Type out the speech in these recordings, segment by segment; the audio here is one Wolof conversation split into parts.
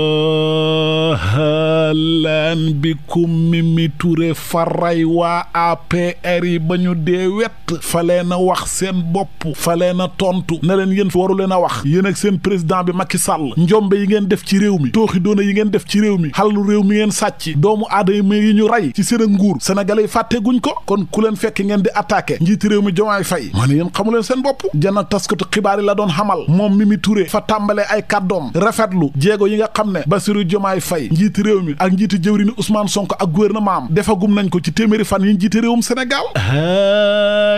Uh, uh. ahlan bikum Mimi Touré ray waa APR yi ba ñu dee wet fa leen na wax seen bopp falee a tontu ne leen yéen waru leen a wax yéen ak seen président bi Macky sàll njombe yi ngeen def ci réew mi tooxi doona yi ngeen def ci réew mi xalalu réew mi ngeen sàcc doomu aadama yi ñu rey ci seen ak nguur sénégalais yi fàtte guñ ko kon ku leen fekk ngeen di attaqué njiiti réew mi jomaay fay ma ne yéen xamu leen seen bopp jana taskatu xibaar yi la doon xamal moom Mimi Touré fa tàmbalee ay kàddoom rafetlu jéego yi nga xam ne Bassirou Fay njiiti réew mi ak njiiti jëwriñu Ousmane Sonko ak gouvernement am defagum nañ ko ci téeméeri fan yi njiite réewum Sénégal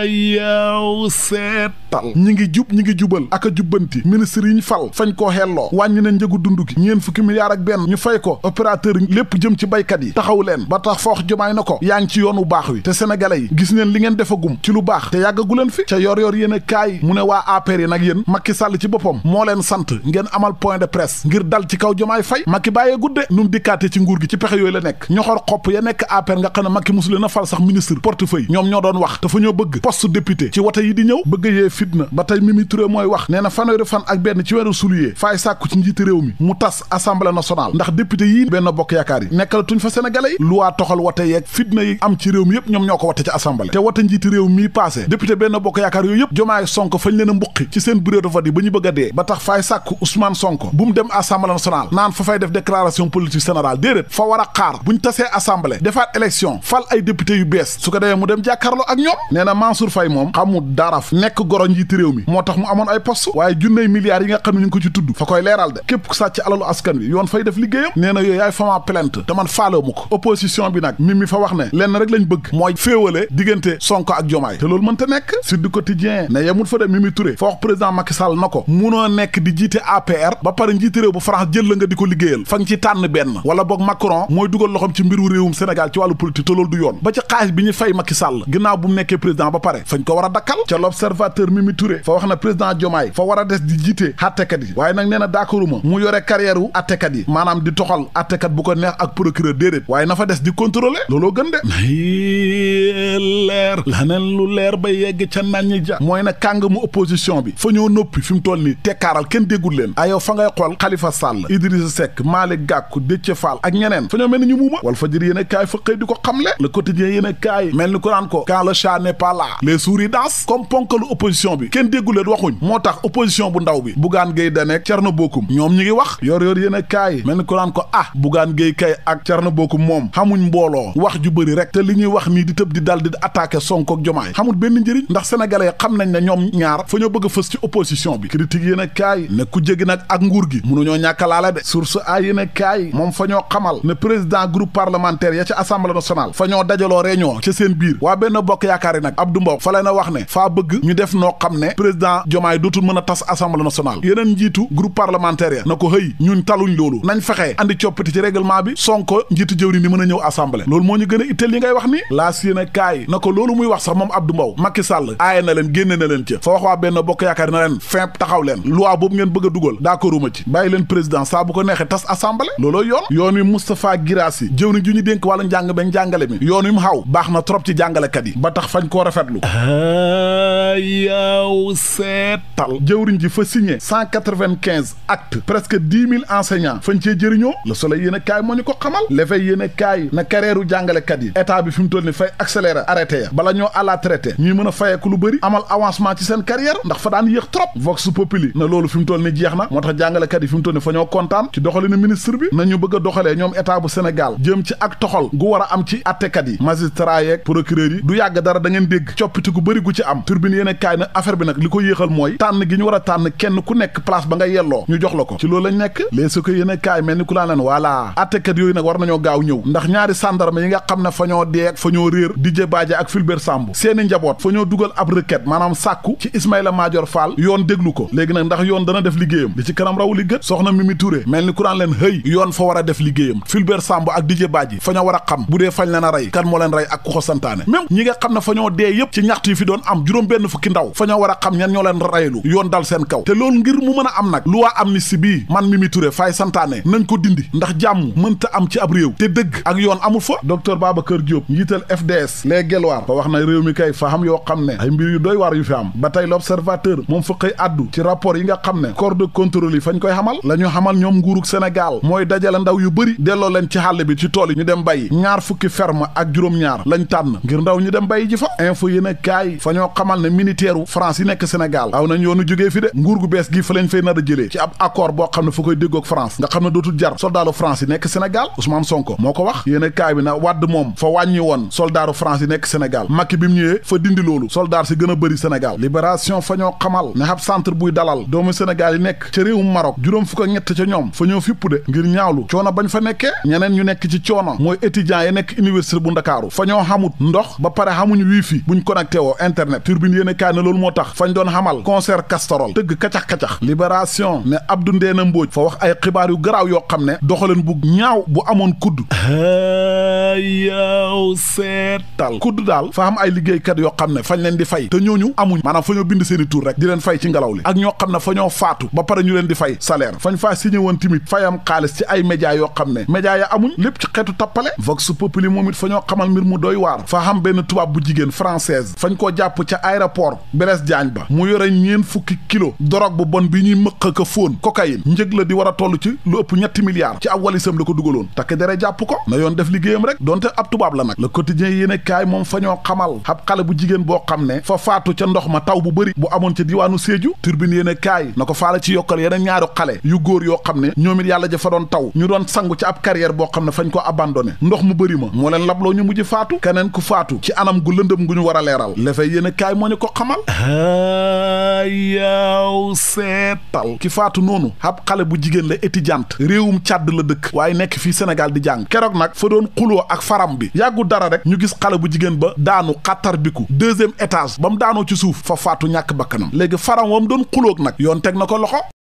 yaw seetal ñi ngi jub ñi ngi jubal ak a jubbanti ministre yi ñu fal fañ koo xelloo wàññi na njëgu dund gi ñeen fukki milliards ak benn ñu fay ko opérateur lépp jëm ci baykat yi taxawu leen ba tax foox jomaay na ko yaa ngi ci yoonu baax wi te sénégalais yi gis neen li ngeen defagum ci lu baax te yàggagu leen fi ca yoor yoor yéen a kaay mu ne waa APR yéen Macky Sall ci boppam leen sant ngeen amal point de presse ngir dal ci kaw jomaay fay Macky bàyyee nguur gi ci pexe yooyu la nekk ñoxor xopp ya nekk APR nga xam ne Macky fal sax ministre portefeuille ñoom ñoo doon wax te fa ñoo bëgg poste député ci wote yi di ñëw bëgg yee fitna ba tey Mimi mooy wax nee na fanweeri fan ak benn ci weeru soulier faay sàkku ci njiiti réew mi mu tas assemblée nationale ndax député yii benn bokk yaakaar yi nekkal tuñ fa sénégalais yi luwaa toxal wote yeeg fitna yi am ci réew mi yëpp ñoom ñoo ko wote ci assemblée te déedéet fa war a xaar buñ tasee assemblée defaat élection fal ay député yu bees su ko defee mu dem jàkkaarloo ak ñoom nee na Mansour Faye moom xamu daraf nekk goro njiiti mi moo tax mu amoon ay poste waaye junney milliards yi nga xam ne ñu ngi ko ci tudd fa koy leeral de képp ku sàcc alalu askan wi yoon fay def liggéeyam nee na yooyu yaay fama plainte te man faalewu mu ko bi nag Mimi fa wax ne lenn rek lañ bëgg mooy féewale diggante Sonko ak Jomaay te loolu mënta nekk Sud Quotidien ne yemul fa de Mimi Touré fa wax président Macky Sall na ko munoo nekk di jiite APR ba pare di ko liggéeyal fa nga ci tànn benn wala Macron mooy dugal loxoom ci mbiru réew Sénégal ci wàllu politique te loolu du yoon ba ci xaalis bi ñu fay Macky Sall ginnaaw bu mu nekkee président ba pare fañ ko war a dakkal ca l'observateur Mimi Touré fa wax na président Diomaye fa war a des di jiite attekat yi waaye nag nee na d'accorduma mu yore carrière wu attekat yi maanaam di toxal attekat bu ko neex ak procureur déedéet waaye na des di contrôler looloo gën de leer laneen lu leer ba yegg ca naññi mooy na kàng mu opposition bi fa ñoo noppi fi mu toll ni tekkaaral kenn déggul leen ayow fa ngay xool Khalifa Sall Idrissa Seck Malick Gakou Déthié Fall ñeneen fa ñoo mel ni ñu muuma Walf Fadjri yéen a kaay di ko xamle le quotidien yéen a kaay mel ni ko naan ko quand le chat n'est pas là les souris ponkalu opposition bi kenn déggu waxuñ moo tax opposition bu ndaw bi Bougane Gueye Dany ak Thierno Bocoum ñoom ñu ngi wax yor yor yéen a mel ni ko naan ko ah Bougane Gueye kay ak Thierno Bocoum moom xamuñ mbooloo wax ju bëri rek te li ñuy wax nii di tëb di dal di attaquer Sonko ak Diomaye benn njëriñ ndax sénégalais ñoom ñaar fa ñoo bëgg bi critique yéen a kaay ne ku jégi nag xamal ne président groupe parlementaire ya ca assemblée nationale fa ñoo dajaloo réunion ca seen biir waa benn bokk yaakaar yi nag Abdou Mbow fa la wax ne faa bëgg ñu def noo xam ne président Diomaye dootul mën a tas assemblée nationale yeneen njiitu groupe parlementaire ya na ko hëy ñun taluñ loolu nañ fexe andi coppite ci règlement bi Sonko njiitu jëwriñ di mën a ñëw assemblée loolu moo ñu gën a itteel yi ngay wax ni laas yéen na ko loolu muy wax sax moom Abdou Mbow Macky Sall aaye na leen génne na leen ca fa Moustapha Guirassy jëwriñ ju ñu dénk wàllu njàng ba njàngale mi yoon wi mu baax na trop ci jàngalekat yi ba tax fañ koo rafetlu yaw seetal jëwriñ ji fa signé cent quatre-vingt-quinze acte presque dix mille enseignants fañ cee jëriñoo Le Soleil yéen kaay moo ñu ko xamal lefay yéen a kaay na carrière jàngalekat yi état bi fi mu toll ni fay accélérer arrêté ya bala ñoo à la ñuy mën a fayeeku lu bëri amal avancement ci seen carrière ndax fa daan yéex trop vox populi na loolu fi na ñoom état bu Sénégal jëm ci ak toxal gu war a am ci attekat yi magistrat yeeg procureur yi du yàgg dara da dégg coppite gu bëri gu ci am turbine yéen kaay na affaire bi nag li ko yéexal mooy tànn gi ñu war a tànn kenn ku nekk place ba nga yelloo ñu jox la ko ci loolu lañ nekk les su ko mel ni ku laan leen voilà attekat yooyu nag war nañoo gaaw ñëw ndax ñaari sàndarma yi nga xam ne fa ñoo dee fa ñoo réer Didier Badja ak Fulbert Sambou seeni njaboot fa ñoo dugal ab requête maanaam sàkku ci Ismaïla Madior Fall yoon déglu ko léegi nag ndax raw li gët soxna Mimi Touré mel ni ku laan leen hëy yoon a def liggéeyam jëm Fulbert Sambou ak Didier Badji fa ñoo war a xam bu dee fañ leen a rey kan moo leen rey ak ku ko santaane même ñi nga xam ne fa ñoo dee yëpp ci ñaxtu yi fi doon am juróom benn fukki ndaw fa ñoo a xam ñan ñoo leen reylu yoon dal seen kaw te loolu ngir mu mën a am nag loi amnistie bii man Mimi Touré fay santaane nañ ko dindi ndax jàmm mënta am ci ab réew te dëgg ak yoon amul fa docteur kër Diop njiital FDS les Guelwaar ba wax na réew mi kay fa xam yoo xam ne ay mbir yu doy yu fi am ba tey l'observateur moom fa ci rapport yi nga xam ne corps de contrôle yi fañ koy xamal la ñu xamal ñoom nguurug Sénégal mooy dajale ndaw yu bëri delloo leen ci xàll bi ci tool yi ñu dem bàyyi ñaar fukki ferme ak juróom-ñaar lañ tànn ngir ndaw ñu dem bàyyi ji fa info yéen a kaay fa ñoo xamal ne militaire u France yi nekk Sénégal aw nañ yoonu jógee fi de nguur gu bees gi fa lañ fay nar a jëlee ci ab accord boo xam ne fa koy déggoog France nga xam ne dootul jar soldaaru France yi nekk Sénégal Ousmane Sonko moo ko wax yéen a kaay bi na wàdd moom fa wàññi woon soldaaru France yi nekk Sénégal Macky bi mu ñëwee fa dindi loolu soldaar si gën a bëri Sénégal libération fa ñoo xamal ne ab centre buy dalal doomu Sénégal yi nekk ca réewum Maroc juróom fukk ñett ca ñoom fa ñoo fipp ngir ñaawlu coono nekkee ñeneen ñu nekk ci coono mooy étudiants yi nekk université bu ndakaaru fa ñoo ndox ba pare xamuñ wifi buñ connecté woo internet turbine yéen kaay ne loolu moo tax fañ doon xamal concert castorol tëgg kacax-kacax libération ne Abdou Ndeena Mbooj fa wax ay xibaar yu garaaw yoo xam ne doxaleen bu ñaaw bu amoon kudd yow seetal kudd daal fa am ay liggéeykat yoo xam ne fañ leen di fay te ñooñu amuñ maanaam fa ñoo bind seen i tur rek di leen fay ci ngelaw li ak ñoo ba ñu leen di fay salaire fañ faa signé ay média yoo xam ne média ya amuñ lépp ci xeetu tappale vox populi moom it fa xamal mbir mu doy waar fa xam benn tubaab bu jigéen française fañ ko jàpp ca aéroport Blaise Diagne ba mu yore ñeen fukki kilo dorog bu bon bi ñuy mëq ka fóon cocaïne njëg la di war a ci lu ëpp ñetti milliards ci ab walisam la ko dugaloon takk dere jàpp ko na yoon def liggéeyam rek donte ab tubaab la nag le quotidien yéene kaay moom fa xamal ab xale bu jigéen boo xam ne fa faatu ca ndox ma taw bu bëri bu amoon ca diwaanu Sédhiou turbine yéene kaay na ko faala ci yokkal yeneen ñaaru xale yu góor yoo xam ne ñoom it yàlla ja fa doon taw ñu doon ab carrière boo xam ne fañ ko abandonné ndox mu bëri ma moo leen labloo ñu mujj faatu keneen ku faatu ci anam gu lëndëm gu ñu war a leeral la fay yéen kaay moo ñu ko xamal yaw seetal ki faatu noonu ab xale bu jigéen la étudiante réewum càdd la dëkk waaye nekk fii Sénégal di jàng keroog nag fa doon xuloo ak faram bi yàggu dara rek ñu gis xale bu jigéen ba daanu xattar biku deuxième étage ba mu daanoo ci suuf fa faatu ñàkk bakkanam léegi faram wam doon xulóog nag yoon teg na ko loxo